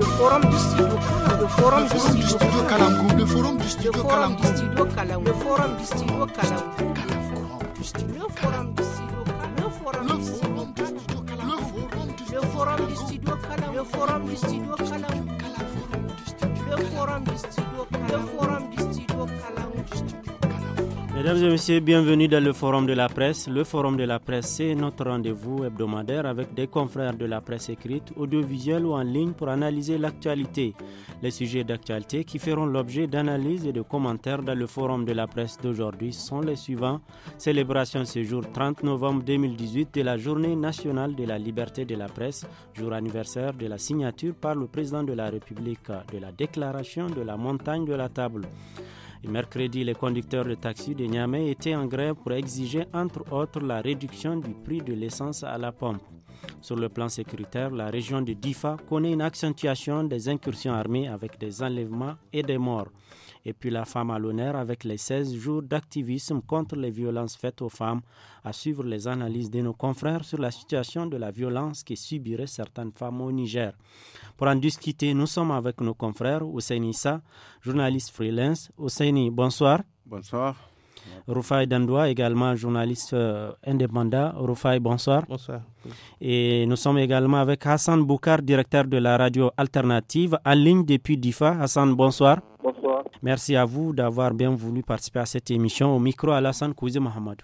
le forum du studio le forum du studio le forum du studio le forum du studio le forum du studio le forum du studio le forum du studio le forum du studio le forum du studio le forum du studio Kalamkou Mesdames et messieurs, bienvenue dans le Forum de la presse. Le Forum de la presse, c'est notre rendez-vous hebdomadaire avec des confrères de la presse écrite, audiovisuelle ou en ligne pour analyser l'actualité. Les sujets d'actualité qui feront l'objet d'analyses et de commentaires dans le Forum de la presse d'aujourd'hui sont les suivants. Célébration ce jour 30 novembre 2018 de la Journée nationale de la liberté de la presse, jour anniversaire de la signature par le président de la République de la Déclaration de la montagne de la table mercredi, les conducteurs de taxi de Niamey étaient en grève pour exiger, entre autres, la réduction du prix de l'essence à la pompe. Sur le plan sécuritaire, la région de Difa connaît une accentuation des incursions armées avec des enlèvements et des morts. Et puis la femme à l'honneur avec les 16 jours d'activisme contre les violences faites aux femmes, à suivre les analyses de nos confrères sur la situation de la violence que subiraient certaines femmes au Niger. Pour en discuter, nous sommes avec nos confrères Ousseini Issa, journaliste freelance. Ousseini, bonsoir. Bonsoir. Rufai Dandoua, également journaliste euh, indépendant. Rufai, bonsoir. Bonsoir. Et nous sommes également avec Hassan Boukar, directeur de la radio alternative, en ligne depuis DIFA. Hassan, bonsoir. Bonsoir. Merci à vous d'avoir bien voulu participer à cette émission. Au micro, Alassane Kouzi Mohamed.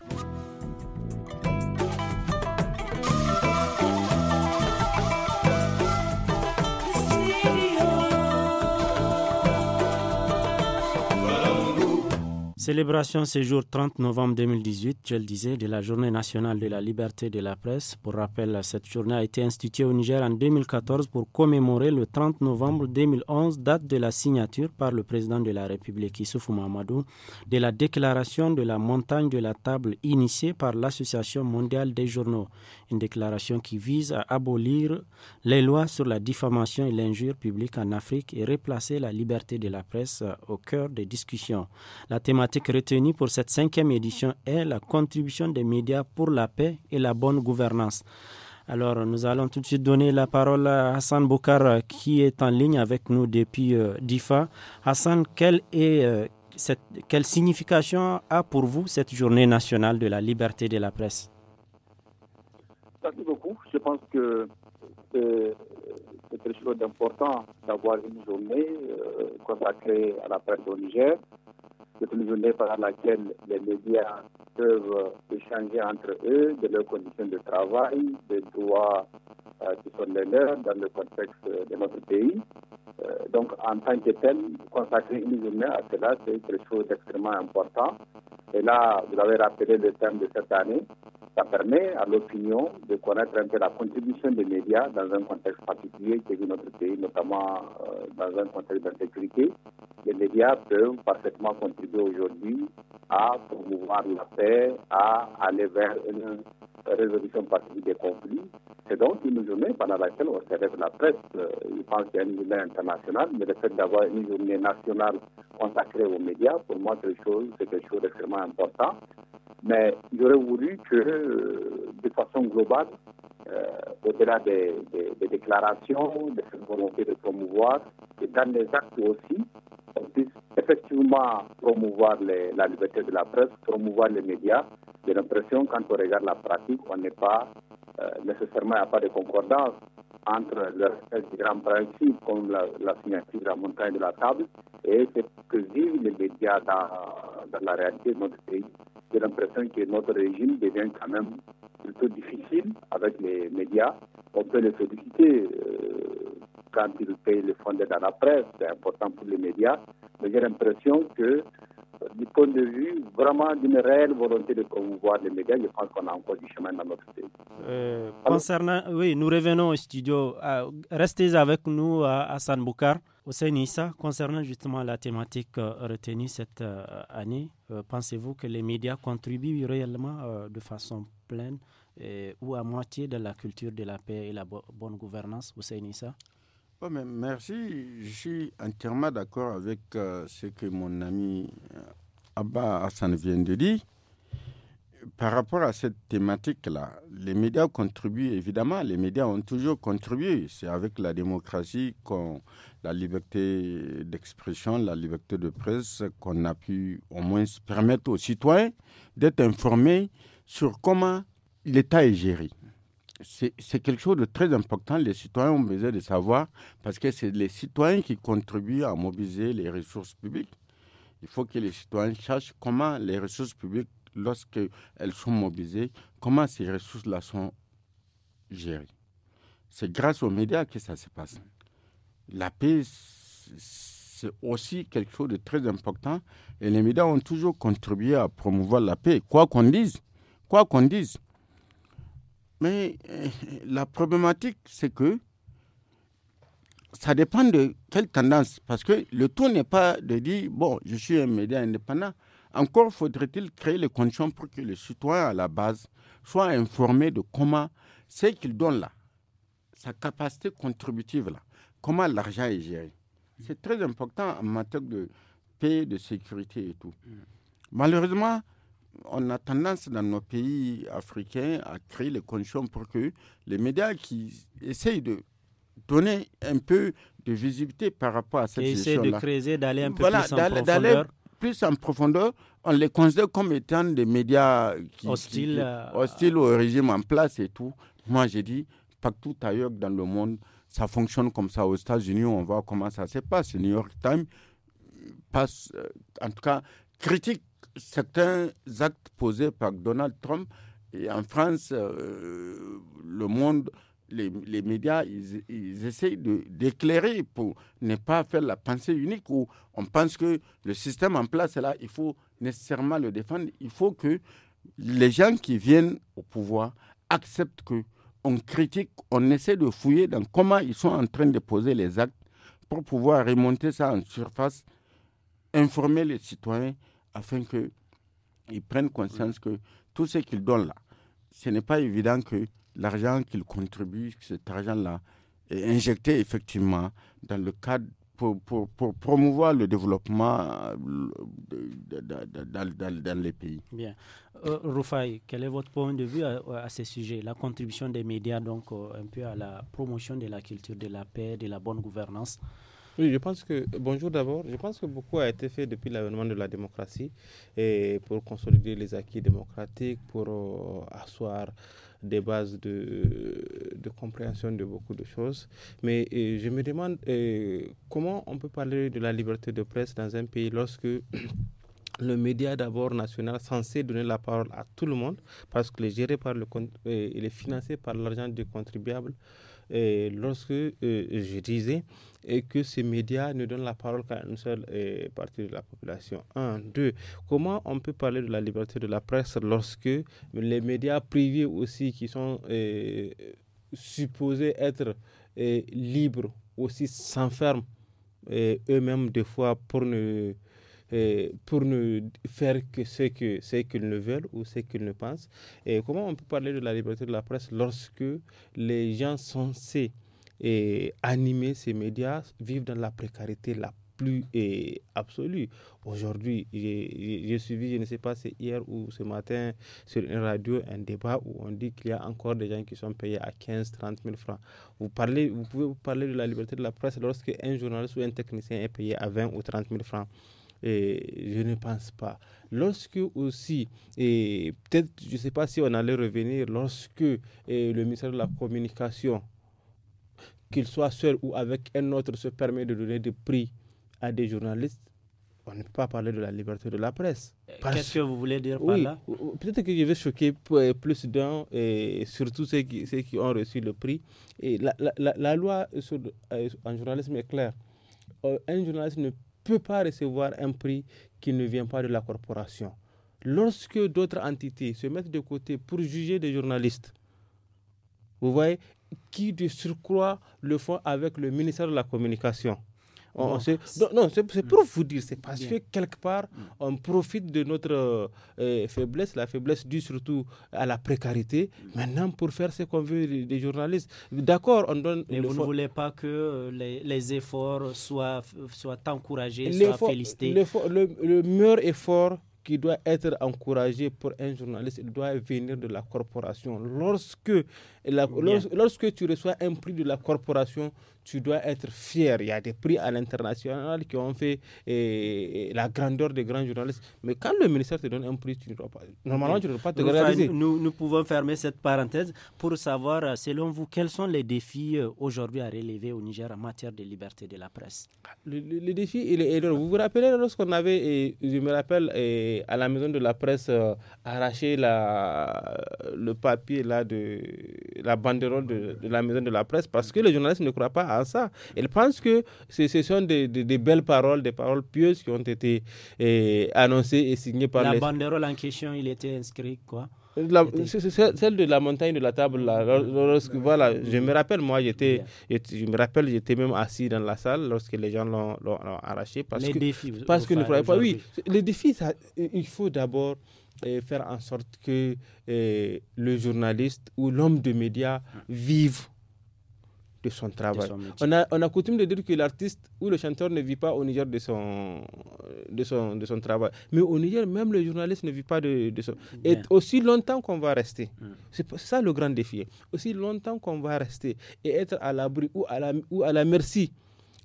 Célébration ce jour 30 novembre 2018, je le disais, de la Journée nationale de la liberté de la presse. Pour rappel, cette journée a été instituée au Niger en 2014 pour commémorer le 30 novembre 2011, date de la signature par le président de la République Issoufou Mamadou de la déclaration de la montagne de la table initiée par l'Association mondiale des journaux, une déclaration qui vise à abolir les lois sur la diffamation et l'injure publique en Afrique et replacer la liberté de la presse au cœur des discussions. La thématique thématique retenue pour cette cinquième édition est la contribution des médias pour la paix et la bonne gouvernance. Alors, nous allons tout de suite donner la parole à Hassan Boukar qui est en ligne avec nous depuis euh, DIFA. Hassan, quelle, est, euh, cette, quelle signification a pour vous cette journée nationale de la liberté de la presse Merci beaucoup. Je pense que euh, c'est très chose d'important d'avoir une journée consacrée à la presse au Niger une journée par laquelle les médias peuvent échanger entre eux de leurs conditions de travail, des droits euh, qui sont leurs dans le contexte de notre pays. Euh, donc, en tant que tel, consacrer une journée à cela, c'est quelque chose d'extrêmement important. Et là, vous avez rappelé le thème de cette année. Ça permet à l'opinion de connaître un peu la contribution des médias dans un contexte particulier qui est notre pays, notamment euh, dans un contexte d'insécurité. Les médias peuvent parfaitement contribuer aujourd'hui à promouvoir la paix, à aller vers une résolution particulière des conflits. C'est donc une journée pendant laquelle on célèbre la presse. Euh, je pense qu'il y a une journée internationale, mais le fait d'avoir une journée nationale consacrée aux médias, pour moi, c'est quelque chose, quelque chose important. Mais j'aurais voulu que, euh, de façon globale, euh, au-delà des, déclarations, de cette volonté de promouvoir, et dans les actes aussi, on puisse effectivement promouvoir la liberté de la presse, promouvoir les médias. J'ai l'impression, quand on regarde la pratique, on n'est pas euh, nécessairement à pas de concordance entre le respect grands principes comme la, signature de la montagne de la table et ce que vivent les médias dans, la réalité de notre pays. J'ai l'impression que notre régime devient quand même plutôt difficile avec les médias. On peut les féliciter euh, quand ils payent le fonds de la presse, c'est important pour les médias, mais j'ai l'impression que du point de vue vraiment d'une réelle volonté de promouvoir les médias, je pense qu'on a encore du chemin dans notre pays. Euh, concernant, oui, nous revenons au studio. Euh, restez avec nous euh, à, San Boukar, au issa concernant justement la thématique retenue cette année. Pensez-vous que les médias contribuent réellement de façon pleine ou à moitié de la culture de la paix et la bonne gouvernance au sein Oh, mais merci, je suis entièrement d'accord avec ce que mon ami Abba Hassan vient de dire, par rapport à cette thématique-là, les médias contribuent, évidemment, les médias ont toujours contribué. C'est avec la démocratie, la liberté d'expression, la liberté de presse, qu'on a pu au moins permettre aux citoyens d'être informés sur comment l'État est géré. C'est quelque chose de très important. Les citoyens ont besoin de savoir parce que c'est les citoyens qui contribuent à mobiliser les ressources publiques il faut que les citoyens sachent comment les ressources publiques, lorsqu'elles sont mobilisées, comment ces ressources-là sont gérées. C'est grâce aux médias que ça se passe. La paix, c'est aussi quelque chose de très important et les médias ont toujours contribué à promouvoir la paix, quoi qu'on dise. Quoi qu'on dise. Mais euh, la problématique, c'est que ça dépend de quelle tendance, parce que le tout n'est pas de dire, bon, je suis un média indépendant. Encore faudrait-il créer les conditions pour que les citoyens à la base soient informés de comment ce qu'il donne là, sa capacité contributive là, comment l'argent est géré. C'est très important en matière de paix, de sécurité et tout. Malheureusement, on a tendance dans nos pays africains à créer les conditions pour que les médias qui essayent de donner un peu de visibilité par rapport à cette et Essayer de creuser, d'aller un peu plus en profondeur. Plus en on les considère comme étant des médias hostiles, euh, au régime en place et tout. Moi, j'ai dit, partout ailleurs dans le monde, ça fonctionne comme ça. Aux États-Unis, on voit comment ça se passe. Le New York Times passe, euh, en tout cas, critique certains actes posés par Donald Trump. Et en France, euh, le monde les, les, médias, ils, ils essayent d'éclairer pour ne pas faire la pensée unique où on pense que le système en place, là, il faut nécessairement le défendre. Il faut que les gens qui viennent au pouvoir acceptent que on critique, on essaie de fouiller dans comment ils sont en train de poser les actes pour pouvoir remonter ça en surface, informer les citoyens afin qu'ils prennent conscience que tout ce qu'ils donnent là, ce n'est pas évident que l'argent qu'ils contribuent, cet argent-là, est injecté effectivement dans le cadre pour, promouvoir le développement euh, dans, les pays. Bien. Euh, quel est votre point de vue à, ce sujet La contribution des médias, donc, euh, un peu à la promotion de la culture de la paix, de la bonne gouvernance oui, je pense que, bonjour d'abord, je pense que beaucoup a été fait depuis l'avènement de la démocratie et pour consolider les acquis démocratiques, pour euh, asseoir des bases de, de compréhension de beaucoup de choses. Mais euh, je me demande euh, comment on peut parler de la liberté de presse dans un pays lorsque le média d'abord national censé donner la parole à tout le monde parce qu'il est géré par le euh, il est financé par l'argent du contribuable lorsque euh, je disais et que ces médias ne donnent la parole qu'à une seule euh, partie de la population. Un, deux, comment on peut parler de la liberté de la presse lorsque les médias privés aussi qui sont euh, supposés être libres aussi s'enferment eux-mêmes des fois pour ne pour ne faire que ce qu'ils ne veulent ou ce qu'ils ne pensent. Et comment on peut parler de la liberté de la presse lorsque les gens censés et animer ces médias vivent dans la précarité la plus absolue. Aujourd'hui, j'ai suivi, je ne sais pas, c'est hier ou ce matin, sur une radio, un débat où on dit qu'il y a encore des gens qui sont payés à 15, 30 000 francs. Vous, parlez, vous pouvez vous parler de la liberté de la presse lorsque un journaliste ou un technicien est payé à 20 ou 30 000 francs et je ne pense pas. Lorsque aussi, et peut-être, je ne sais pas si on allait revenir, lorsque le ministère de la Communication, qu'il soit seul ou avec un autre, se permet de donner des prix à des journalistes, on ne peut pas parler de la liberté de la presse. Euh, qu'est-ce que vous voulez dire par là Peut-être que je vais choquer euh, plus d'un, et surtout ceux qui, ont reçu le prix. Et la, la, la loi sur, euh, en journalisme est claire. Un journaliste ne peut pas recevoir un prix qui ne vient pas de la corporation. Lorsque d'autres entités se mettent de côté pour juger des journalistes, vous voyez, qui de surcroît le font avec le ministère de la Communication, on, non, c'est pour hmm. vous dire, c'est parce que quelque part, hmm. on profite de notre euh, faiblesse, la faiblesse due surtout à la précarité, hmm. maintenant pour faire ce qu'on veut des, journalistes. D'accord, on donne. Mais vous ne voulez pas que euh, les, efforts soient, soient encouragés, soient félicités le, le meilleur effort qui doit être encouragé pour un journaliste, il doit venir de la corporation. Lorsque lorsque tu reçois un prix de la corporation, tu dois être fier. Il y a des prix à l'international qui ont fait eh, eh, la grandeur des grands journalistes. Mais quand le ministère te donne un prix, tu ne dois pas, normalement, tu ne dois pas te nous, réaliser. Nous, pouvons fermer cette parenthèse pour savoir, euh, selon vous, quels sont les défis euh, aujourd'hui à relever au Niger en matière de liberté de la presse ah, Le, défis, défi, il est Vous vous rappelez lorsqu'on avait, eh, je me rappelle, à la maison de la presse, euh, arraché la, le papier là de la banderole de, de, la maison de la presse parce que les journalistes ne croient pas à ça. Ils pensent que ce, sont des, belles paroles, des paroles pieuses qui ont été eh, annoncées et signées par la banderole en question, il était inscrit quoi celle de la montagne de la table, là, lorsque, voilà, je me rappelle, moi, j'étais, je me rappelle, j'étais même assis dans la salle lorsque les gens l'ont, arraché parce les que, défis, parce que ne pas. Oui, les défis, il faut d'abord et faire en sorte que euh, le journaliste ou l'homme de médias vive de son travail. on, a, on, a, coutume de dire que l'artiste ou le chanteur ne vit pas au Niger de son, de son, de son travail. Mais au Niger, même le journaliste ne vit pas de, de son... travail. Et aussi longtemps qu'on va rester, hum. c'est ça le grand défi, aussi longtemps qu'on va rester et être à l'abri ou, à la, ou à la merci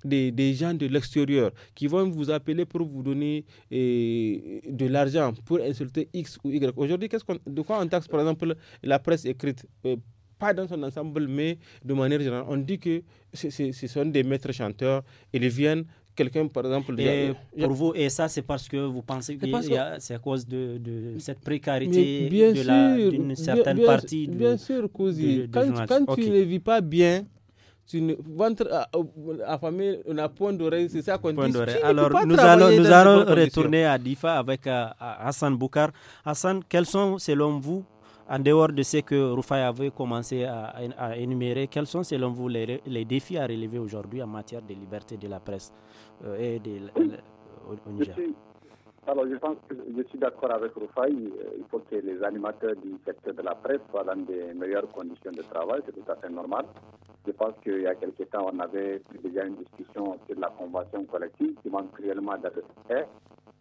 des, gens de l'extérieur qui vont vous appeler pour vous donner eh, de l'argent pour insulter X ou Y. Aujourd'hui, qu'est-ce de quoi on taxe, par exemple, la presse écrite euh, pas dans son ensemble, mais de manière générale, on dit que ce sont des maîtres chanteurs, ils viennent quelqu'un, par exemple. Et pour vous, et ça, c'est parce que vous pensez que, c'est à cause de, cette précarité d'une certaine partie. bien sûr, Quand, tu ne vis pas bien, ventre ah, on oh, a point d'oreille, ça qu'on Alors, nous allons, nous allons retourner à Difa avec euh, Hassan Boukar. Hassan, quels sont, selon vous, en dehors de ce que Rufai avait commencé à, énumérer, quels sont, selon vous, les, défis à relever aujourd'hui en matière de liberté de la presse euh, et de, au Niger alors, je pense que je suis d'accord avec Roufaï. Euh, il faut que les animateurs du secteur de la presse soient dans des meilleures conditions de travail. C'est tout à fait normal. Je pense qu'il y a quelques temps, on avait déjà une discussion sur la convention collective qui manque réellement d'être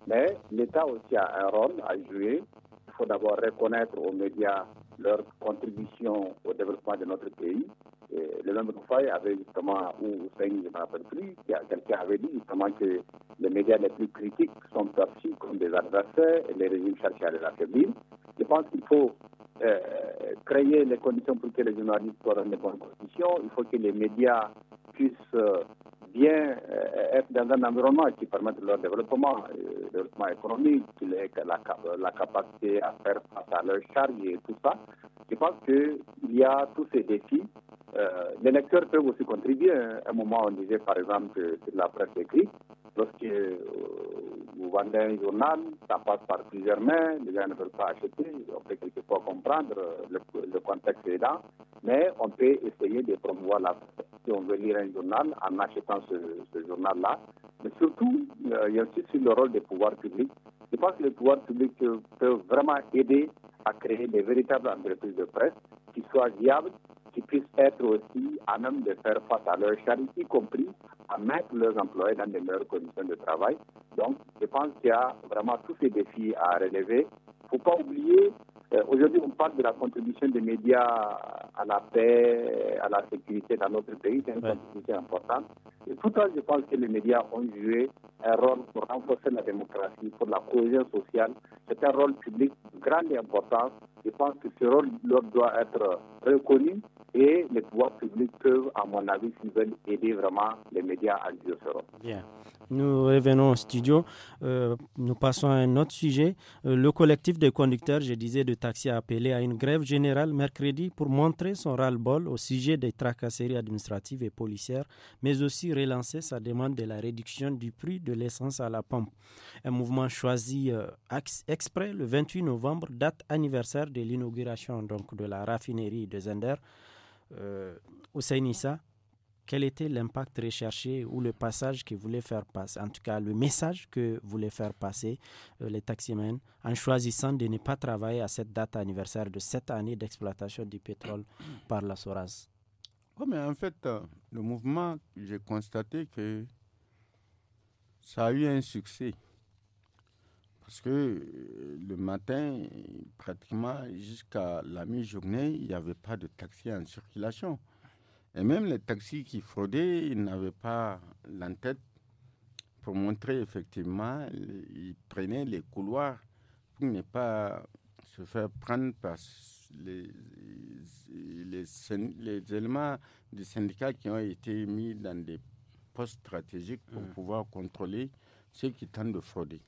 Mais l'État aussi a un rôle à jouer. Il faut d'abord reconnaître aux médias leur contribution au développement de notre pays. Euh, le même de avait justement, ou cinq, je ne m'en rappelle plus, quelqu'un avait dit justement que les médias les plus critiques sont perçus comme des adversaires et les régimes cherchent à les affaiblir. Je pense qu'il faut euh, créer les conditions pour que les journalistes soient dans les bonnes conditions. Il faut que les médias puissent euh, bien être dans un environnement qui permette leur développement, le développement économique, la, la, capacité à faire face à leurs charges et tout ça. Je pense qu'il y a tous ces défis euh, les lecteurs peuvent aussi contribuer. Hein. À un moment, on disait par exemple que la presse écrite, lorsque euh, vous vendez un journal, ça passe par plusieurs mains, les gens ne veulent pas acheter, on peut quelquefois comprendre, le, contexte est là, mais on peut essayer de promouvoir la presse. Si on veut lire un journal, en achetant ce, journal-là, mais surtout, euh, il y a aussi le rôle des pouvoirs publics. Je pense que les pouvoirs publics peuvent vraiment aider à créer des véritables entreprises de presse qui soient viables qui puissent être aussi à même de faire face à leur charité, y compris à mettre leurs employés dans de meilleures conditions de travail. Donc, je pense qu'il y a vraiment tous ces défis à relever. Il ne faut pas oublier, euh, aujourd'hui, on parle de la contribution des médias à la paix, à la sécurité dans notre pays. C'est une contribution importante. Et pourtant, je pense que les médias ont joué un rôle pour renforcer la démocratie, pour la cohésion sociale. C'est un rôle public de grande importance je pense que ce rôle doit être reconnu et les pouvoirs publics peuvent, à mon avis, s'ils veulent aider vraiment les médias à jouer ce rôle. Nous revenons au studio. Euh, nous passons à un autre sujet. Euh, le collectif des conducteurs, je disais, de taxi a appelé à une grève générale mercredi pour montrer son ras-le-bol au sujet des tracasseries administratives et policières, mais aussi relancer sa demande de la réduction du prix de l'essence à la pompe. Un mouvement choisi euh, exprès le 28 novembre, date anniversaire de l'inauguration donc de la raffinerie de Zender. au Issa, quel était l'impact recherché ou le passage qu'ils voulaient faire passer, en tout cas le message que voulaient faire passer euh, les taximens en choisissant de ne pas travailler à cette date anniversaire de cette année d'exploitation du pétrole par la Soraz oh, mais En fait, euh, le mouvement, j'ai constaté que ça a eu un succès. Parce que euh, le matin, pratiquement jusqu'à la mi-journée, il n'y avait pas de taxi en circulation. Et même les taxis qui fraudaient, ils n'avaient pas l'entête pour montrer effectivement, ils prenaient les couloirs pour ne pas se faire prendre par les, les, éléments du syndicat qui ont été mis dans des postes stratégiques pour mmh. pouvoir contrôler ceux qui tentent de frauder.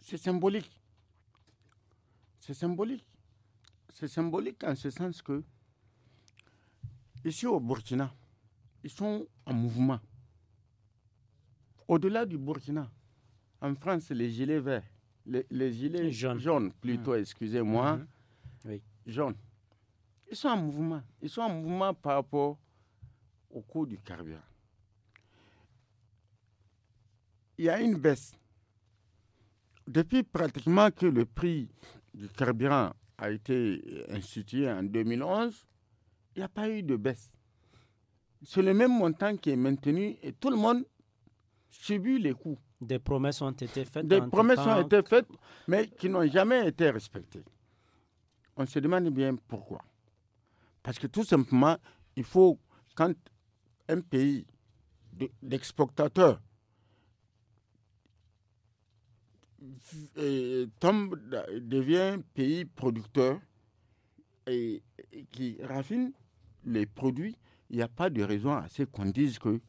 C'est symbolique. C'est symbolique. C'est symbolique en ce sens que Ici au Burkina, ils sont en mouvement. Au-delà du Burkina, en France, les gilets verts, les, gilets jaunes, plutôt, mmh. excusez-moi, mmh. jaunes, ils sont en mouvement. Ils sont en mouvement par rapport au coût du carburant. Il y a une baisse. Depuis pratiquement que le prix du carburant a été institué en 2011, il n'y a pas eu de baisse. C'est le même montant qui est maintenu et tout le monde subit les coûts. Des promesses ont été faites. Des promesses ont été faites, mais qui n'ont jamais été respectées. On se demande bien pourquoi. Parce que tout simplement, il faut, quand un pays d'exportateur tombe, devient pays producteur et qui raffine, les produits, il n'y a pas de raison à ce qu'on dise que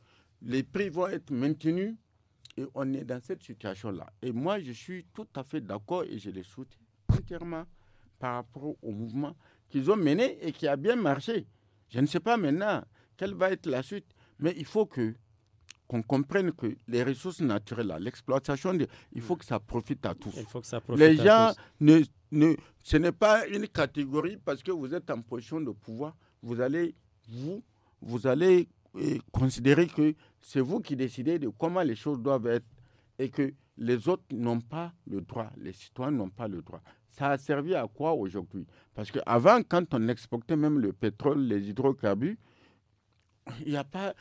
les prix vont être maintenus et on est dans cette situation-là. Et moi, je suis tout à fait d'accord et je les soutiens entièrement par rapport au mouvement qu'ils ont mené et qui a bien marché. Je ne sais pas maintenant quelle va être la suite, mais il faut que qu'on comprenne que les ressources naturelles, l'exploitation, il faut que ça profite à tous. Il faut que ça profite les gens, tous. Ne, ne, ce n'est pas une catégorie parce que vous êtes en position de pouvoir vous allez, vous, vous allez euh, considérer que c'est vous qui décidez de comment les choses doivent être et que les autres n'ont pas le droit, les citoyens n'ont pas le droit. Ça a servi à quoi aujourd'hui Parce qu'avant, quand on exportait même le pétrole, les hydrocarbures, il n'y a pas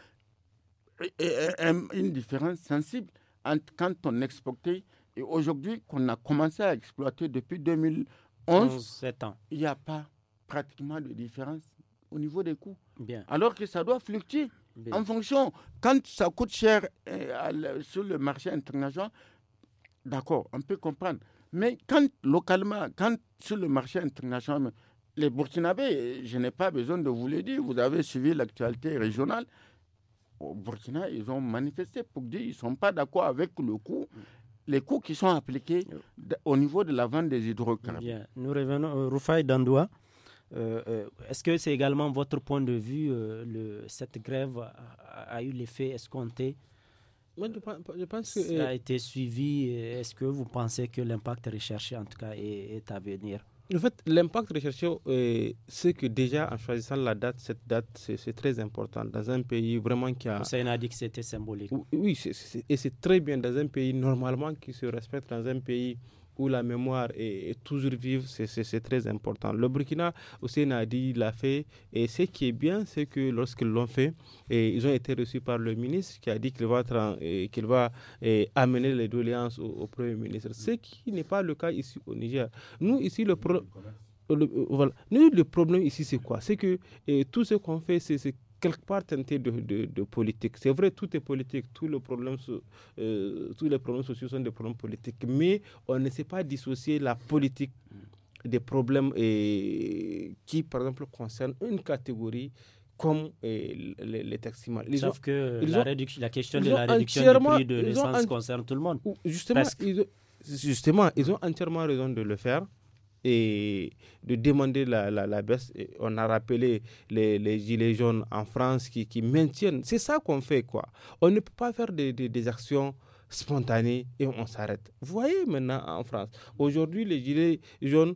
une différence sensible entre quand on exportait et aujourd'hui qu'on a commencé à exploiter depuis 2011. ans. Il n'y a pas pratiquement de différence au niveau des coûts. Bien. Alors que ça doit fluctuer en fonction. Quand ça coûte cher euh, sur le marché international, d'accord, on peut comprendre. Mais quand localement, quand sur le marché international, les Burkinabés, je n'ai pas besoin de vous le dire, vous avez suivi l'actualité régionale. Au Burkina, ils ont manifesté pour dire qu'ils ne sont pas d'accord avec le coût les coûts qui sont appliqués au niveau de la vente des hydrocarbures. Nous revenons, au euh, Rufaï Dandoua. Euh, euh, est-ce que c'est également votre point de vue, euh, le, cette grève a, eu l'effet escompté Moi, je pense que, Ça a été suivi. Est-ce que vous pensez que l'impact recherché, en tout cas, est, à venir en fait, l'impact recherché, c'est que déjà en choisissant la date, cette date, c'est très important. Dans un pays vraiment qui a. Ça a dit que c'était symbolique. Oui, et c'est très bien dans un pays normalement qui se respecte, dans un pays où la mémoire est, toujours vive, c'est très important. Le Burkina, aussi a dit, l'a fait. Et ce qui est bien, c'est que lorsqu'ils l'ont fait, et ils ont été reçus par le ministre qui a dit qu'il va, qu'il va amener les doléances au, Premier ministre. Ce qui n'est pas le cas ici au Niger. Nous, ici, le, euh, le, problème ici, c'est quoi C'est que tout ce qu'on fait, c'est quelque part tenter de, politique. C'est vrai, tout est politique, tout le problème, euh, tous les problèmes sociaux sont des problèmes politiques, mais on ne sait pas dissocier la politique des problèmes et, qui, par exemple, concernent une catégorie comme les, euh, les Sauf que la, question de la réduction du prix de l'essence concerne tout le monde. Justement justement, ils mm. ont entièrement raison de le faire et de demander la, la, la baisse. on a rappelé les, les, gilets jaunes en France qui, qui maintiennent. C'est ça qu'on fait, quoi. On ne peut pas faire des, des, des actions spontanées et on s'arrête. Vous voyez maintenant en France, aujourd'hui, les gilets jaunes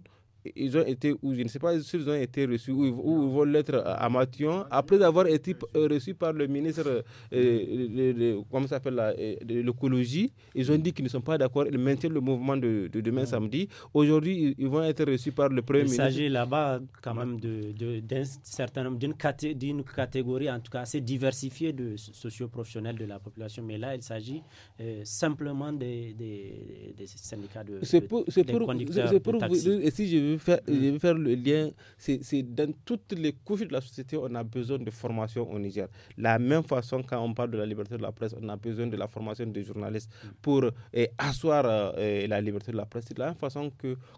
ils ont été, ou je ne sais pas s'ils ont été reçus, ou ils, vont l'être à Mathion, après avoir été euh, reçus par le ministre, euh, comment s'appelle, euh, de l'écologie, ils ont dit qu'ils ne sont pas d'accord, ils maintiennent le mouvement de, demain samedi. Aujourd'hui, ils vont être reçus par le Premier ministre. Il s'agit là-bas quand même d'un de, certain nombre, d'une catégorie, en tout cas assez diversifiée de socioprofessionnels de la population, mais là, il s'agit simplement des, syndicats de, pour, pour, si je veux faire, mm. faire le lien. C'est dans toutes les couches de la société, on a besoin de formation au Niger. La même façon, quand on parle de la liberté de la presse, on a besoin de la formation des journalistes mm. pour eh, asseoir eh, la liberté de la presse. C'est de la même façon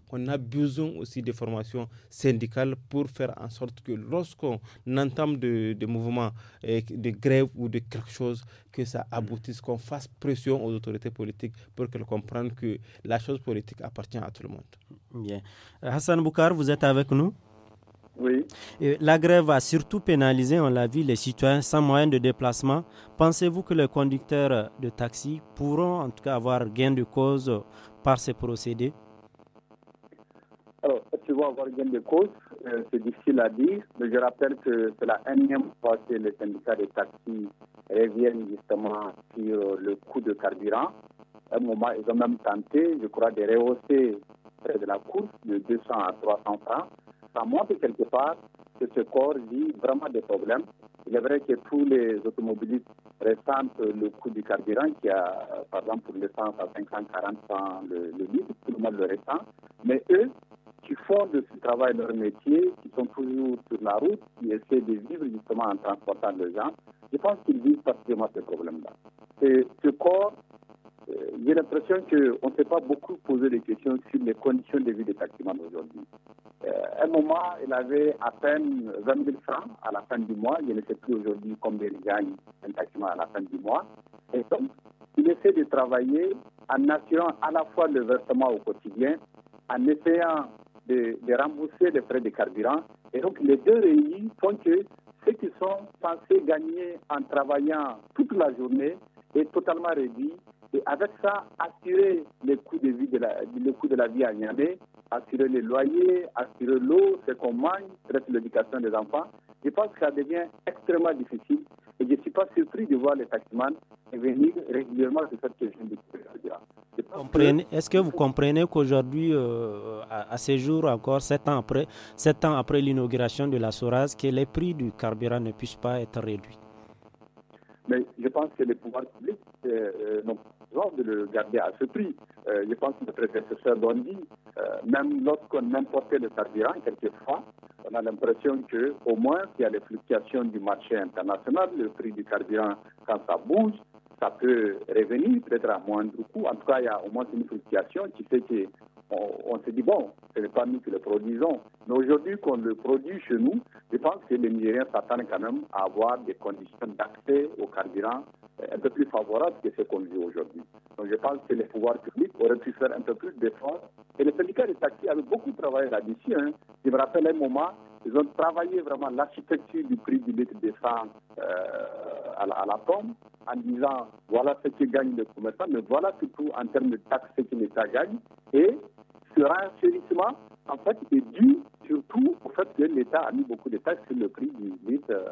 qu'on a besoin aussi de formations syndicales pour faire en sorte que lorsqu'on entame des de mouvements eh, de grève ou de quelque chose, que ça mm. aboutisse, qu'on fasse pression aux autorités politiques pour qu'elles comprennent que la chose politique appartient à tout le monde. Bien. Euh, Hassan Boukar, vous êtes avec nous Oui. La grève a surtout pénalisé, on l'a vu, les citoyens sans moyen de déplacement. Pensez-vous que les conducteurs de taxi pourront en tout cas avoir gain de cause par ces procédés Alors, tu vas avoir gain de cause, euh, c'est difficile à dire, mais je rappelle que c'est la énième fois que les syndicats de taxis reviennent justement sur le coût de carburant. À un moment, ils ont même tenté, je crois, de rehausser de la course de 200 à 300 francs, ça montre quelque part que ce corps vit vraiment des problèmes. Il est vrai que tous les automobilistes ressentent le coût du carburant qui a, par exemple, pour l'essence à 540 francs le, litre, tout le monde le ressent. Mais eux, qui font de ce travail leur métier, qui sont toujours sur la route, qui essaient de vivre justement en transportant les gens, je pense qu'ils vivent particulièrement ce problème-là. Et Ce corps euh, j'ai l'impression qu'on ne s'est pas beaucoup posé des questions sur les conditions de vie des taximans aujourd'hui. À euh, un moment, il avait à peine 20 000 francs à la fin du mois. Je ne sais plus aujourd'hui combien il gagne un taximan à la fin du mois. Et donc, il essaie de travailler en assurant à la fois le versement au quotidien, en essayant de, rembourser les frais de carburant. Et donc, les deux réunis font que ceux qui sont censés gagner en travaillant toute la journée est totalement réduit et avec ça, assurer les coûts de, vie de la, de la vie à Niamey, assurer les loyers, assurer l'eau, ce qu'on mange, l'éducation des enfants, je pense que ça devient extrêmement difficile. Et je ne suis pas surpris de voir les taximans venir régulièrement sur cette question de Est-ce que vous comprenez qu'aujourd'hui, euh, à, ce ces jours encore, sept ans après, sept ans après l'inauguration de la SORAS, que les prix du carburant ne puissent pas être réduits mais je pense que les pouvoirs publics euh, pas. Euh, de le garder à ce prix. Euh, je pense que le prédécesseur dit, euh, même lorsqu'on importait le carburant, quelquefois, on a l'impression qu'au moins, s'il y a des fluctuations du marché international, le prix du carburant, quand ça bouge, ça peut revenir peut-être à moindre coût. En tout cas, il y a au moins une fluctuation qui fait que on, se dit, bon, ce n'est pas nous qui le produisons. Mais aujourd'hui, qu'on le produit chez nous, je pense que les Nigériens s'attendent quand même à avoir des conditions d'accès au carburant un peu plus favorable que ce qu'on vit aujourd'hui. Donc je pense que les pouvoirs publics auraient pu faire un peu plus de défense. Et les syndicats de taxis avaient beaucoup travaillé là-dessus. Hein. Je me rappelle un moment, ils ont travaillé vraiment l'architecture du prix du litre euh, à, la, à en disant voilà ce que gagne le commerçant, mais voilà surtout en termes de taxes ce que l'État gagne. Et ce renchérissement, en fait, est dû Surtout au fait que l'État a mis beaucoup de taxes sur le prix du litre euh,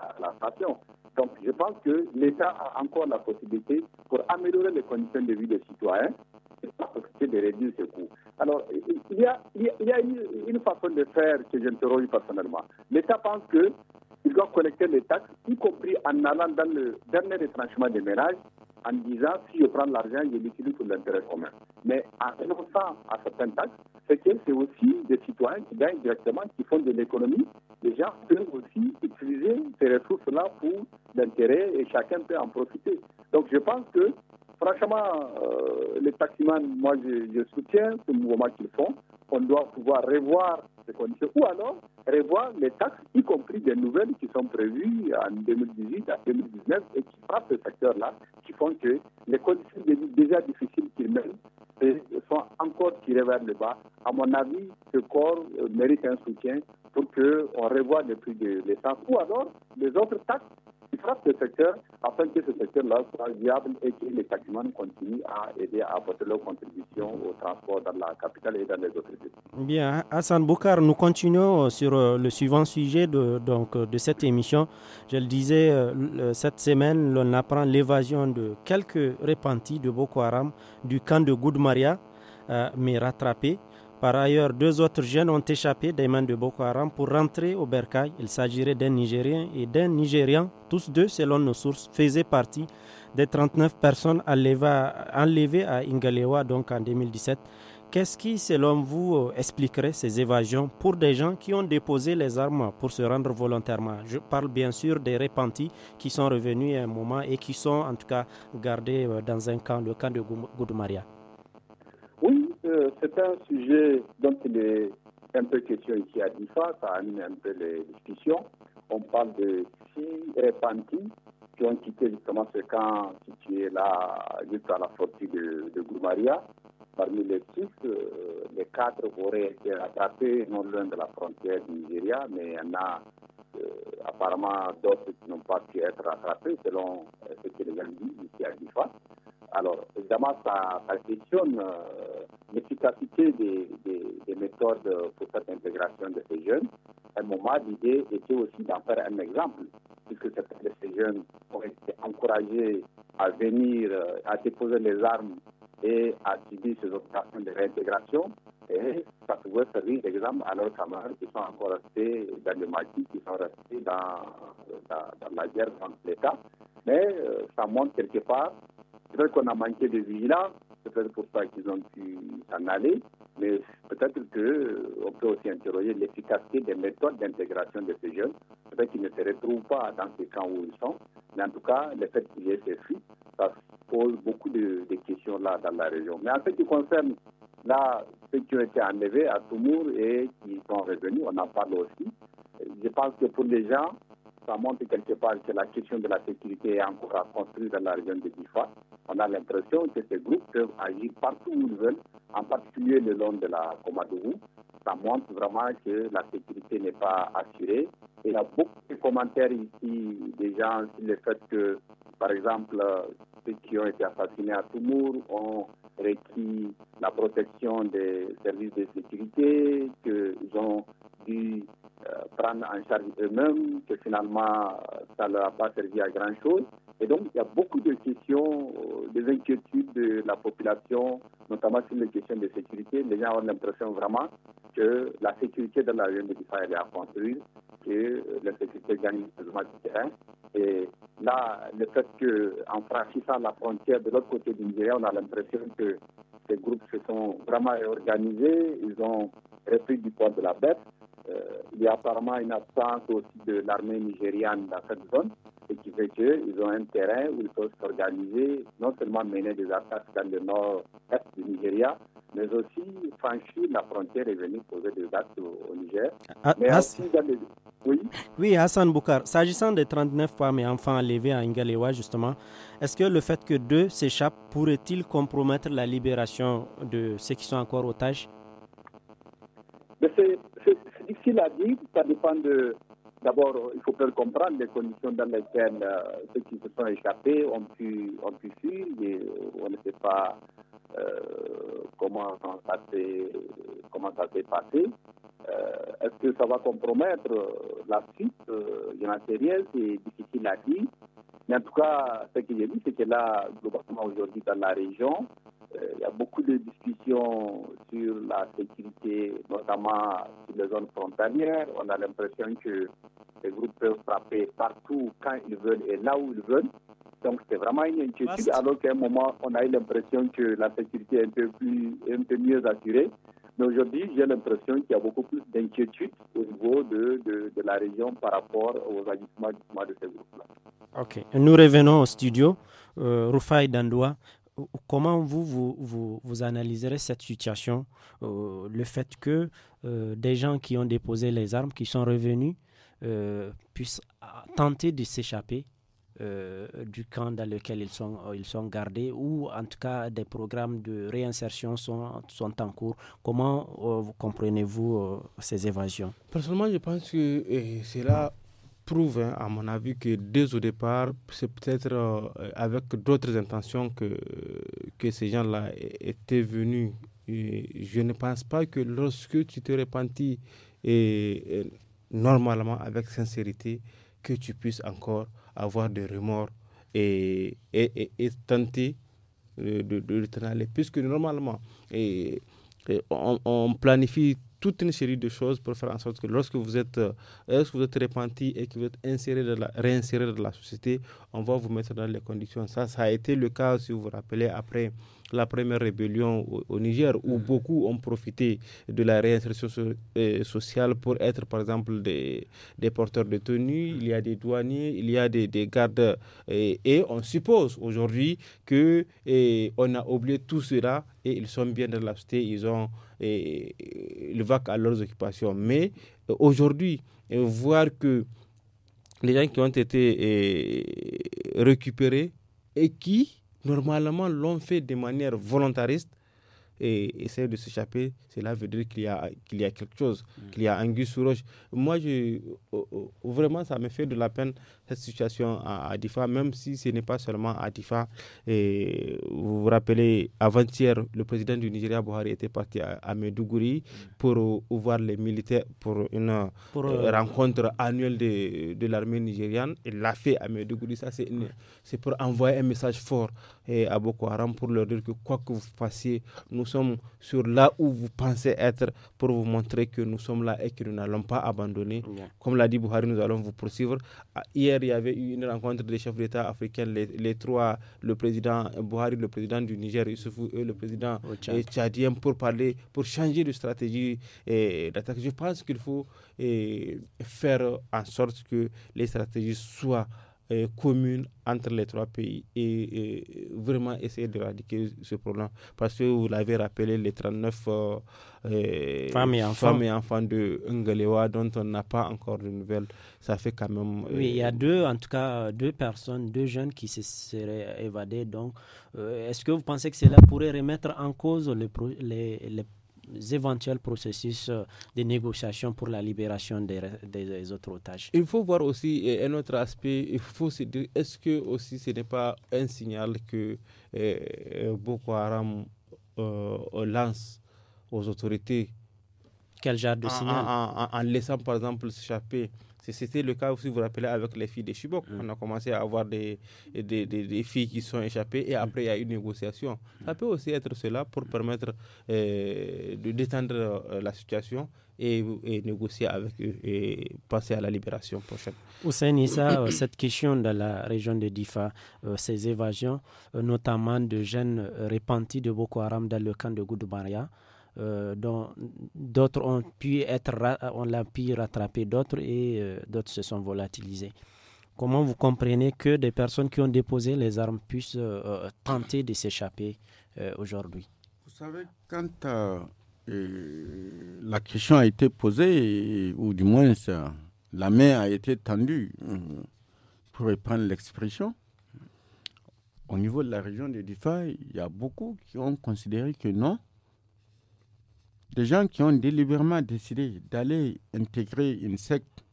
à la station. Donc je pense que l'État a encore la possibilité pour améliorer les conditions de vie des citoyens et de réduire ses coûts. Alors il y a, une, façon de faire que j'interroge personnellement. L'État pense que ils doivent collecter les taxes, y compris en allant dans le dernier retranchement des ménages, en disant si je prends l'argent, je l'utilise pour l'intérêt commun. Mais en renonçant à certaines taxes, c'est que c'est aussi des citoyens qui gagnent directement, qui font de l'économie. Les gens peuvent aussi utiliser ces ressources-là pour l'intérêt et chacun peut en profiter. Donc je pense que, franchement, euh, les taximans, moi je, je soutiens ce mouvement qu'ils font. On doit pouvoir revoir ou alors revoir les taxes, y compris des nouvelles qui sont prévues en 2018, à 2019, et qui frappent ce secteur-là, qui font que les conditions déjà difficiles qu'ils mènent euh, sont encore tirées vers le bas. À mon avis, ce corps euh, mérite un soutien pour qu'on revoie les prix de ou alors les autres taxes qui frappe ce secteur afin que ce secteur-là soit viable et que les patrimoines continuent à aider à apporter leur contribution au transport dans la capitale et dans les autres villes. Bien, Hassan Boukar, nous continuons euh, sur euh, le suivant sujet de, donc, euh, de cette émission. Je le disais, cette semaine, l'on apprend l'évasion de quelques repentis de Boko Haram du camp de Goudmaria, mais rattrapés. Par ailleurs, deux autres jeunes ont échappé des mains de Boko Haram pour rentrer au Burkina. Il s'agirait d'un Nigérien et d'un Nigérian. Tous deux, selon nos sources, faisaient partie des 39 personnes enlevées à Ingalewa donc en 2017. Qu'est-ce qui, selon vous, euh, expliquerait ces évasions pour des gens qui ont déposé les armes pour se rendre volontairement Je parle bien sûr des repentis qui sont revenus à un moment et qui sont en tout cas gardés euh, dans un camp, le camp de Goudoumaria c'est un sujet dont il est un peu question ici à DIFA, ça anime un peu les discussions. On parle de six répandus qui ont quitté justement ce camp situé là, juste à la sortie de, Goumaria. Parmi les six, euh, les quatre auraient été attrapés non loin de la frontière du Nigeria, mais il y en a euh, apparemment, d'autres qui n'ont pas pu être rattrapés, selon euh, ce que les gens disent ici à Gifa. Alors, évidemment, ça, questionne euh, l'efficacité des, méthodes pour cette intégration de ces jeunes. À un moment, l'idée était aussi d'en faire un exemple, puisque certains de ces jeunes ont été encouragés à venir, à déposer les armes et à subi ces opérations de réintégration. Et ça pouvait servir d'exemple à leurs camarades qui sont encore restés dans le maquis, qui sont restés dans, la guerre contre l'État. Mais euh, ça montre quelque part, qu'on a manqué de vigilance, c'est peut-être pour ça qu'ils ont pu s'en aller, mais peut-être qu'on euh, peut aussi interroger l'efficacité des méthodes d'intégration de ces jeunes. Peut-être qu'ils ne se retrouvent pas dans ces camps où ils sont, mais en tout cas, le fait qu'ils aient ces ça pose beaucoup de, questions là dans la région. Mais en ce qui concerne là, ceux qui ont été enlevés à Toumour et qui sont revenus, on en parle aussi. Je pense que pour les gens, ça montre quelque part que la question de la sécurité est encore à construire dans la région de Bifa. On a l'impression que ces groupes peuvent agir partout où ils veulent, en particulier le long de la Comadourou. Ça montre vraiment que la sécurité n'est pas assurée. il y a beaucoup de commentaires ici des gens sur le fait que, par exemple, ceux qui ont été assassinés à Toumour ont requis la protection des services de sécurité, qu'ils ont dû euh, prendre en charge eux-mêmes, que finalement, ça ne leur a pas servi à grand-chose. Et donc, il y a beaucoup de questions, euh, des inquiétudes de la population, notamment sur les questions de sécurité. Les gens ont l'impression vraiment que la sécurité de la région de l'Israël est à construire, que euh, la sécurité gagne le du terrain. Et là, le fait qu'en franchissant la frontière de l'autre côté du Nigeria, on a l'impression que ces groupes se sont vraiment réorganisés, ils ont repris du poids de la bête. Euh, il y a apparemment une absence aussi de l'armée nigériane dans cette zone, ce qui fait qu'ils ont un terrain où ils peuvent s'organiser, non seulement mener des attaques dans le nord-est du Nigeria, mais aussi franchir la frontière et venir poser des actes au, Niger. Ah, ah, oui. oui, Hassan Boukar, s'agissant des 39 femmes et enfants enlevés à Ngalewa, justement, est-ce que le fait que deux s'échappent pourrait-il compromettre la libération de ceux qui sont encore otages c'est qu'il a dit, ça dépend de. D'abord, il faut peut comprendre les conditions dans lesquelles euh, ceux qui se sont échappés ont pu, ont pu fuir. Et euh, on ne sait pas euh, comment ça s'est passé. Est-ce que ça va compromettre la suite Je matériel, sais c'est difficile à dire. Mais en tout cas, ce que j'ai dit, c'est que là, globalement aujourd'hui dans la région, euh, il y a beaucoup de discussions sur la sécurité, notamment sur les zones frontalières. On a l'impression que les groupes peuvent frapper partout quand ils veulent et là où ils veulent. Donc c'est vraiment une inquiétude, alors qu'à un moment, on a eu l'impression que la sécurité est un peu, plus, mieux assurée. Mais aujourd'hui, j'ai l'impression qu'il y a beaucoup plus d'inquiétude au niveau de, la région par rapport aux agissements de ces groupes-là. OK. Nous revenons au studio. Euh, Rufai Dandoua, euh, comment vous, vous, vous, analyserez cette situation, euh, le fait que euh, des gens qui ont déposé les armes, qui sont revenus, puissent tenter de s'échapper du camp dans lequel ils sont, ils sont gardés, ou en tout cas des programmes de réinsertion sont, sont en cours. Comment comprenez-vous ces évasions Personnellement, je pense que c'est là Hein, à mon avis, que dès au départ, c'est peut-être euh, avec d'autres intentions que, que ces gens-là étaient venus. Et je ne pense pas que lorsque tu te repentis et, normalement, avec sincérité, que tu puisses encore avoir des remords et, et, tenter de, de, le puisque normalement, et, on, on planifie toute une série de choses pour faire en sorte que lorsque vous êtes, euh, lorsque vous êtes repenti et que vous êtes inséré de la, réinséré dans la société, on va vous mettre dans les conditions. Ça, ça a été le cas, si vous vous rappelez, après la première rébellion au, Niger, où mhm. beaucoup ont profité de la réinsertion euh, sociale pour être, par exemple, des, des porteurs de tenues. il y a des douaniers, il y a des, gardes, euh, et, on suppose aujourd'hui qu'on euh, a oublié tout cela et ils sont bien relâchés, ils ont le vac à leurs occupations. Mais aujourd'hui, voir que les gens qui ont été récupérés et qui Normalement, l'on fait de manière volontariste et essaie de s'échapper, cela veut dire qu'il y, a, qu'il y a quelque chose, mm. qu'il y a anguille sous roche. Moi, je, vraiment, ça me fait de la peine cette situation à, Adifa, même si ce n'est pas seulement à vous vous rappelez, avant-hier, le président du Nigeria, Buhari, était parti à, à pour voir les militaires pour une euh, euh, rencontre annuelle de, l'armée nigériane. Il l'a fait à Medouguri. Ça, c'est pour envoyer un message fort et à Boko Haram pour leur dire que quoi que vous fassiez, nous sommes sur là où vous pensez être pour vous montrer que nous sommes là et que nous n'allons pas abandonner. Comme l'a dit Buhari, nous allons vous poursuivre. Ah, hier, il y avait eu une rencontre des chefs d'État africains, les, trois, le président Buhari, le président du Niger, le président tchadien, pour parler, pour changer de stratégie d'attaque. Je pense qu'il faut faire en sorte que les stratégies soient euh, commune entre les trois pays et, vraiment essayer d'éradiquer ce problème. Parce que vous l'avez rappelé, les 39 euh, euh, femmes, et enfants. et enfants. de Ngalewa dont on n'a pas encore de nouvelles, ça fait quand même... oui, il y a deux, en tout cas, deux personnes, deux jeunes qui se seraient évadés. Donc, est-ce que vous pensez que cela pourrait remettre en cause les, les, les éventuels processus euh, de négociation pour la libération des, autres otages. Il faut voir aussi euh, un autre aspect. Il faut se dire est-ce que aussi ce n'est pas un signal que euh, Boko Haram lance aux autorités quel genre de signal en, laissant par exemple s'échapper c'était le cas, aussi, vous vous rappelez, avec les filles de Chibok. Mm. On a commencé à avoir des, des, filles qui sont échappées et après, il y a eu une négociation. Mm. Ça peut aussi être cela pour mm. permettre euh, de détendre euh, la situation et, négocier avec eux et passer à la libération prochaine. Hussein Issa, euh, cette question de la région de Difa, ces évasions, notamment de jeunes repentis de Boko Haram dans le camp de Goudoubaria, euh, dont d'autres ont pu être, on l'a pu rattraper d'autres et euh, d'autres se sont volatilisés. Comment vous comprenez que des personnes qui ont déposé les armes puissent euh, tenter de s'échapper aujourd'hui Vous savez, quand la question a été posée, ou du moins la main a été tendue, pour reprendre l'expression, au niveau de la région de Difa, il y a beaucoup qui ont considéré que non, des gens qui ont délibérément décidé d'aller intégrer une secte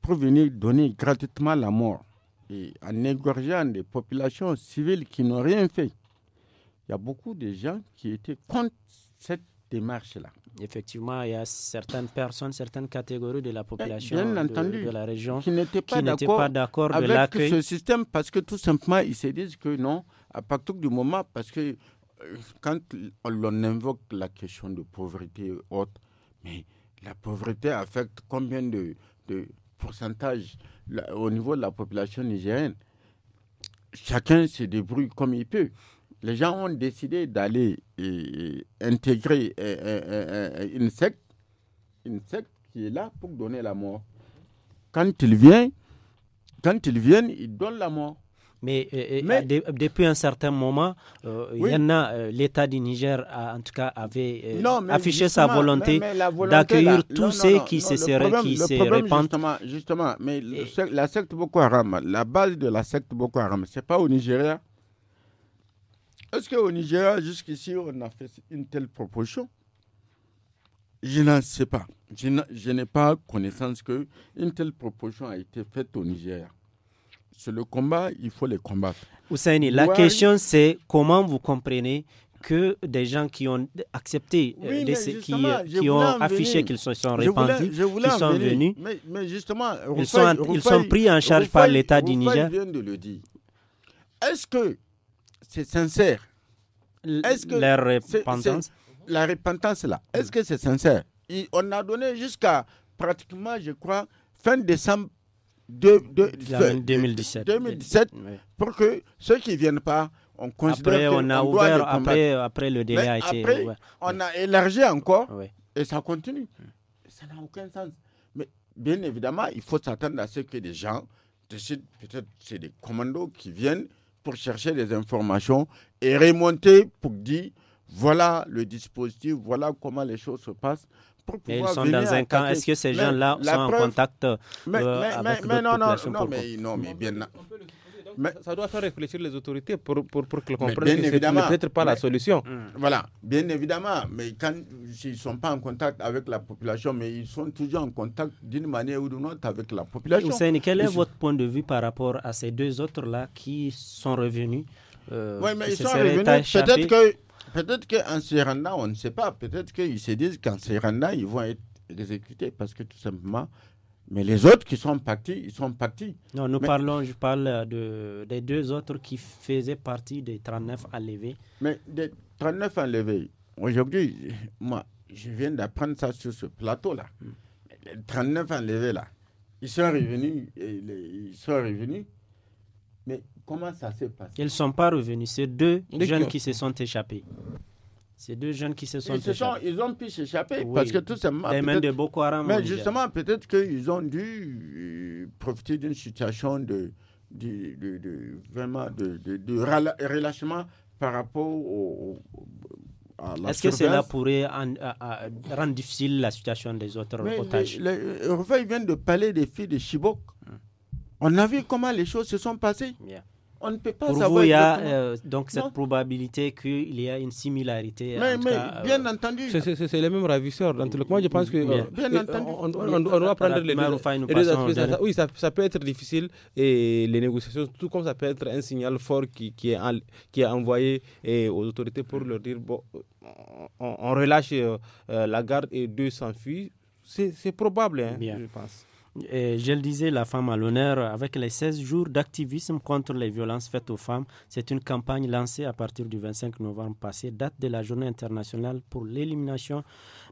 pour venir donner gratuitement la mort et en égorgeant des populations civiles qui n'ont rien fait. Il y a beaucoup de gens qui étaient contre cette démarche-là. Effectivement, il y a certaines personnes, certaines catégories de la eh, population de, la région qui n'étaient pas d'accord avec ce système parce que tout simplement, ils se disent que non, à partir du moment, parce que quand on invoque la question de pauvreté haute, mais la pauvreté affecte combien de, de pourcentage au niveau de la population nigérienne Chacun se débrouille comme il peut. Les gens ont décidé d'aller intégrer une secte, qui est là pour donner la mort. Quand il vient, quand ils viennent, ils donnent la mort. Mais, euh, euh, depuis un certain moment, euh, l'État du Niger, en tout cas, avait affiché sa volonté, d'accueillir tous ceux qui se, seraient, répandent. Justement, mais la secte Boko Haram, la base de la secte Boko Haram, ce n'est pas au Nigeria. Est-ce qu'au Nigeria, jusqu'ici, on a fait une telle proposition je n'en sais pas. Je n'ai pas connaissance qu'une telle proposition a été faite au Nigeria c'est le combat, il faut les combattre. Ousseini, la question c'est comment vous comprenez que des gens qui ont accepté, euh, des, qui, euh, qui ont affiché qu'ils sont, sont répandus, qui sont venus, justement, ils, sont, ils, sont, pris en charge par l'État du Niger. Est-ce que c'est sincère la repentance, la repentance là, est-ce que c'est sincère On a donné jusqu'à pratiquement, je crois, fin décembre 2017. 2017 pour que ceux qui ne viennent pas, on considère après, on, a ouvert, après, le délai a été on a élargi encore et ça continue. Ça n'a aucun sens. Mais bien évidemment, il faut s'attendre à ce que des gens décident, peut-être c'est des commandos qui viennent pour chercher des informations et remonter pour dire voilà le dispositif, voilà comment les choses se passent ils sont dans un camp. Est-ce que ces gens-là sont en contact euh, avec mais, non, non, non, mais, non, mais bien. ça doit faire réfléchir les autorités pour, pour, pour qu'elles comprennent que ce n'est peut-être pas la solution. Mm. Voilà, bien évidemment, mais quand ils ne sont pas en contact avec la population, mais ils sont toujours en contact d'une manière ou d'une autre avec la population. Hussein, quel est votre point de vue par rapport à ces deux autres-là qui sont revenus euh, Oui, mais ils sont revenus. Peut-être que peut-être qu'en s'y rendant, on ne sait pas. Peut-être qu'ils se disent qu'en s'y rendant, ils vont être exécutés parce que tout simplement, mais les autres qui sont partis, ils sont partis. Non, nous parlons, je parle euh, de, des deux autres qui faisaient partie des 39 enlevés. Mais des 39 enlevés, aujourd'hui, moi, je viens d'apprendre ça sur ce plateau-là. Hmm. Les 39 enlevés, là, ils sont revenus, ils sont revenus, mais comment ça s'est passé Ils ne sont pas revenus. C'est deux jeunes qui... se sont échappés. Ces deux jeunes qui se sont ils échappés. ils ont pu s'échapper parce que tout simplement. Mais justement, peut-être qu'ils ont dû euh, profiter d'une situation de, de, de, vraiment de, relâchement par rapport au, à la Est-ce que cela pourrait rendre difficile la situation des autres mais reportages les, les, viennent de parler des filles de Chibok. On a vu comment les choses se sont passées. On ne peut pas Pour savoir. Vous, il y a euh, donc cette probabilité qu'il y a une similarité. Mais, bien euh, entendu. C'est les mêmes ravisseurs. moi, je pense que. Euh, bien, entendu. On, doit prendre les, les, Ça, oui, ça, peut être difficile et les négociations, tout comme ça peut être un signal fort qui, qui, est, qui a envoyé aux autorités pour leur dire bon, on, relâche la garde et deux s'enfuient. C'est probable, hein, je pense je le disais, la femme à l'honneur avec les 16 jours d'activisme contre les violences faites aux femmes. C'est une campagne lancée à partir du 25 novembre passé, date de la journée internationale pour l'élimination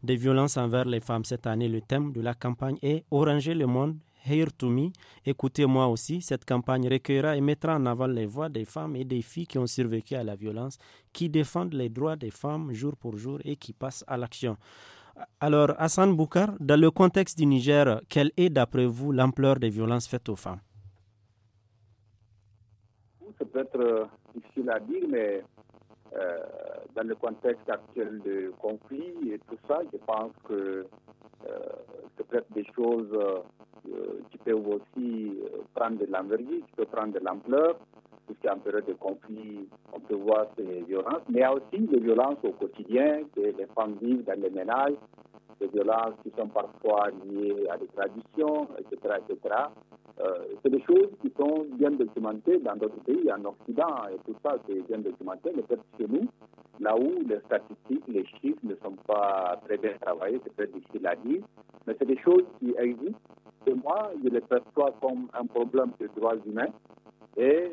des violences envers les femmes. Cette année, le thème de la campagne est Oranger le monde. Hear to me, écoutez-moi aussi. Cette campagne recueillera et mettra en avant les voix des femmes et des filles qui ont survécu à la violence, qui défendent les droits des femmes jour pour jour et qui passent à l'action. Alors, Hassan Boukar, dans le contexte du Niger, quelle est, d'après vous, l'ampleur des violences faites aux femmes C'est peut-être euh, difficile à dire, mais euh, dans le contexte actuel de conflit et tout ça, je pense que euh, peut-être des choses euh, qui peuvent aussi prendre de l'envergure, qui peuvent prendre de l'ampleur puisqu'en période de conflit, on peut voir ces violences, mais il y a aussi des violences au quotidien que les femmes vivent dans les ménages, des violences qui sont parfois liées à des traditions, etc. Euh, c'est des choses qui sont bien documentées dans d'autres pays, en Occident, et tout ça, c'est bien documenté, mais peut-être chez nous, là où les statistiques, les chiffres ne sont pas très bien travaillés, c'est très difficile à dire, mais c'est des choses qui existent. Et moi, je les perçois comme un problème de droits humains et,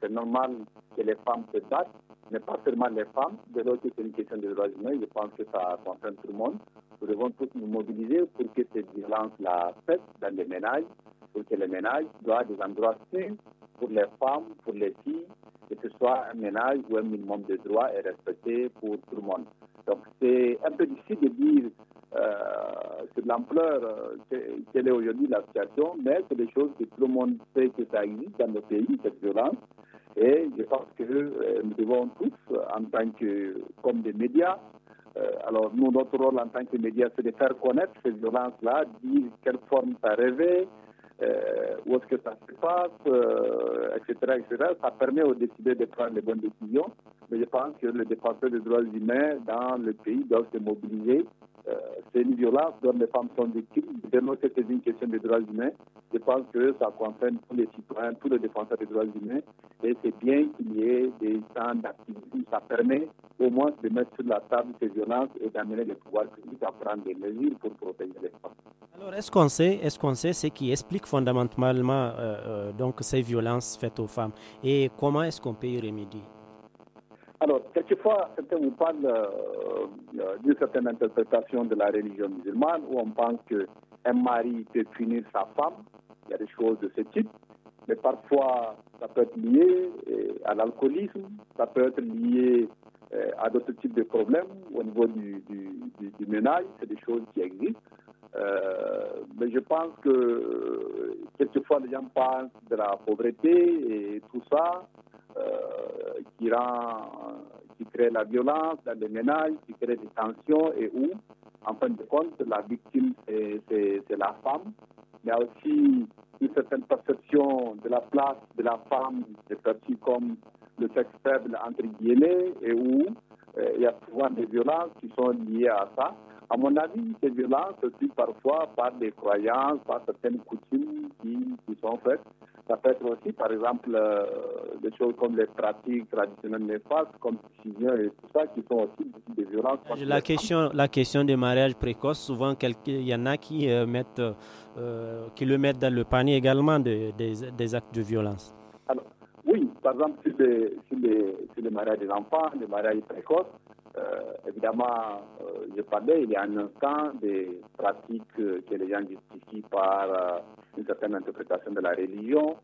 c'est normal que les femmes se battent, mais pas seulement les femmes. Dès lors que c'est une question de droits humains, je pense que ça concerne tout le monde. Nous devons tous nous mobiliser pour que cette violence la fête dans les ménages, pour que les ménages soient des endroits sains pour les femmes, pour les filles, que ce soit un ménage où un minimum de droits est respecté pour tout le monde. Donc c'est un peu difficile de dire euh, de l'ampleur euh, qu'elle est aujourd'hui la situation, mais c'est des choses que tout le monde sait que ça existe dans le pays, cette violence. Et je pense que euh, nous devons tous, en tant que, comme des médias, alors nous, notre rôle en tant que médias, c'est de faire connaître ces violences-là, dire quelle forme ça revêt, euh, où est-ce que ça se passe, etc., etc. Ça permet aux décideurs de prendre les bonnes décisions. Mais je pense que les défenseurs des droits humains dans le pays doivent se mobiliser c'est une violence dont les femmes sont victimes. que c'est une question des droits humains. Je pense que ça concerne tous les citoyens, tous les défenseurs des droits humains. Et c'est bien qu'il y ait des temps d'activité. Ça permet au moins de mettre sur la table ces violences et d'amener les pouvoirs publics à prendre des mesures pour protéger les femmes. Alors, est-ce qu'on sait, est-ce qu'on sait ce qui explique fondamentalement euh, euh, donc ces violences faites aux femmes et comment est-ce qu'on peut y remédier? Alors, quelquefois, certains vous parlent euh, euh, d'une certaine interprétation de la religion musulmane où on pense qu'un mari peut punir sa femme. Il y a des choses de ce type. Mais parfois, ça peut être lié euh, à l'alcoolisme, ça peut être lié à d'autres types de problèmes au niveau du, ménage. C'est des choses qui existent. mais je pense que quelquefois les gens parlent de la pauvreté et tout ça, euh, qui, crée la violence dans les ménages, qui crée des tensions et où, en fin de compte, la victime, c'est la femme. Il y a aussi une certaine perception de la place de la femme est perçue comme le sexe faible, entre guillemets, et où euh, il y a souvent des violences qui sont liées à ça. À mon avis, ces violences sont parfois par des croyances, par certaines coutumes qui, sont faites. Ça peut être aussi, par exemple, euh, des choses comme les pratiques traditionnelles néfastes, comme et tout ça, qui sont aussi des violences. Euh, la question, la question des mariages précoces, souvent, il y en a qui, euh, mettent, qui le mettent dans le panier également des, actes de violence. oui, par exemple, les, sur les mariages des enfants, les mariages précoces, euh, évidemment, euh, je parlais il y a un instant des pratiques euh, que les gens justifient par une certaine interprétation de la religion.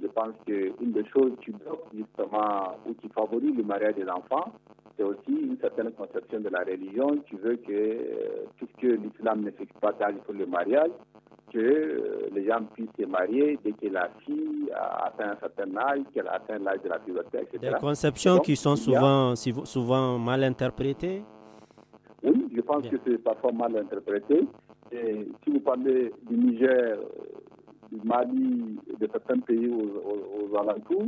je pense qu'une des choses qui bloque justement ou qui favorise le mariage des enfants, c'est aussi une certaine conception de la religion Tu veux que, puisque l'islam ne fixe pas d'âge pour le mariage, que euh, les gens puissent se marier dès que la fille a atteint un certain âge, qu'elle atteint l'âge de la puberté, etc. Des conceptions qui sont souvent, souvent mal interprétées Oui, je pense que c'est parfois mal interprété. Et si vous parlez du Niger, euh, du Mali, de certains pays aux, aux alentours,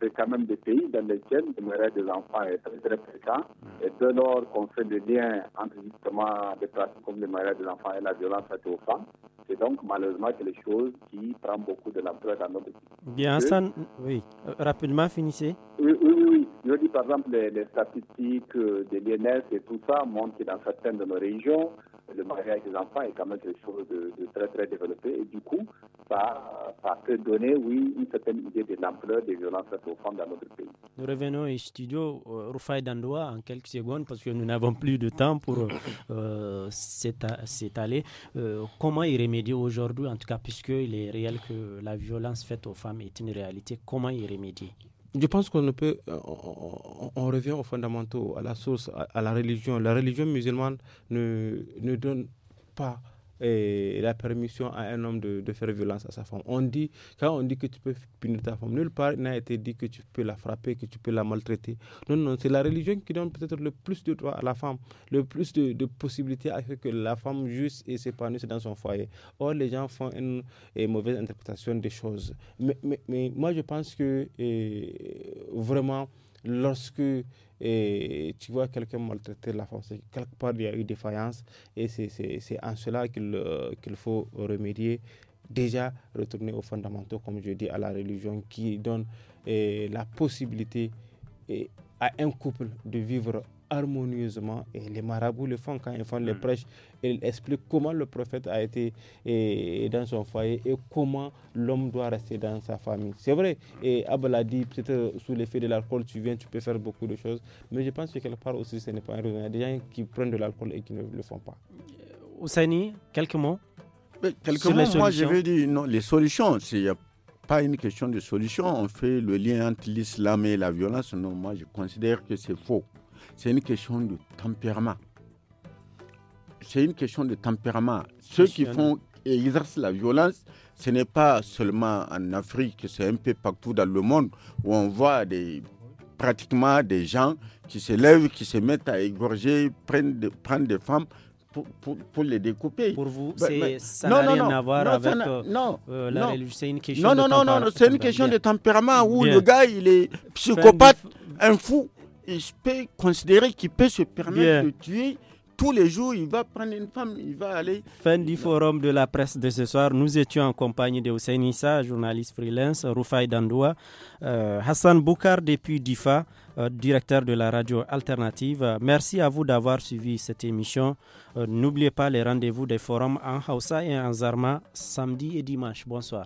c'est quand même des pays dans lesquels le mariage des enfants est très, très fréquent. Mm. Et de lors qu'on fait des liens entre justement des pratiques comme le mariage des enfants et la violence faite aux femmes, c'est donc malheureusement quelque chose qui prend beaucoup de l'ampleur dans notre pays. Bien, ça, oui, euh, rapidement finissez. Oui, oui, oui. Je dis par exemple les, statistiques euh, des l'INS et tout ça montrent que dans certaines de nos régions, le mariage des enfants est quand même quelque chose de, très très développé et du coup ça, ça, peut donner oui une certaine idée de l'ampleur des violences faites aux femmes dans notre pays. Nous revenons au studio euh, Rufai Dandoua, en quelques secondes parce que nous n'avons plus de temps pour euh, s'étaler. Euh, comment y remédier aujourd'hui en tout cas puisqu'il est réel que la violence faite aux femmes est une réalité, comment y remédier je pense qu'on ne peut. Euh, on, revient aux fondamentaux, à la source, à, la religion. La religion musulmane ne, ne donne pas et la permission à un homme de, de, faire violence à sa femme. On dit, quand on dit que tu peux punir ta femme, nulle part n'a été dit que tu peux la frapper, que tu peux la maltraiter. Non, non, c'est la religion qui donne peut-être le plus de droits à la femme, le plus de, de possibilités à ce que la femme juste et s'épanouisse dans son foyer. Or, les gens font une, eh, mauvaise interprétation des choses. Mais, mais, moi, je pense que eh, vraiment, lorsque eh, tu vois quelqu'un maltraiter la femme, quelque part il y a eu défaillance et c'est en cela euh, qu'il faut remédier. Déjà retourner aux fondamentaux, comme je dis, à la religion qui donne eh, la possibilité eh, à un couple de vivre harmonieusement. Et les marabouts le font quand ils font les mm. prêches. Ils expliquent comment le prophète a été et, eh, dans son foyer et comment l'homme doit rester dans sa famille. C'est vrai, et Abel a dit, peut-être sous l'effet de l'alcool, tu viens, tu peux faire beaucoup de choses. Mais je pense que quelque part aussi, ce n'est pas un Il y a des gens qui prennent de l'alcool et qui ne le font pas. Euh, Ousani, quelques mots Quelques mots, moi je veux dire, non, les solutions, s'il a pas une question de solution, on fait le lien entre l'islam et la violence. Non, moi je considère que c'est faux c'est une question de tempérament. C'est une question de tempérament. Ceux qui font et exercent la violence, ce n'est pas seulement en Afrique, c'est un peu partout dans le monde où on voit des, pratiquement des gens qui se lèvent, qui se mettent à égorger, prennent, de, des femmes pour, pour, pour, les découper. Pour vous, ben, ben, ça n'a rien à voir avec euh, non, euh, la religion. C'est une question non, de Non, non, c'est une question de tempérament où le gars, il est psychopathe, un fou je peux considérer qu'il peut se permettre de tuer tous les jours, il va prendre une femme, il va aller. Fin du forum de la presse de ce soir. Nous étions en compagnie de Hussein Issa, journaliste freelance, Rufai Dandoua, euh, Hassan Boukar depuis DIFA, euh, directeur de la radio alternative. merci à vous d'avoir suivi cette émission. Euh, n'oubliez pas les rendez-vous des forums en Hausa et en Zarma samedi et dimanche. Bonsoir.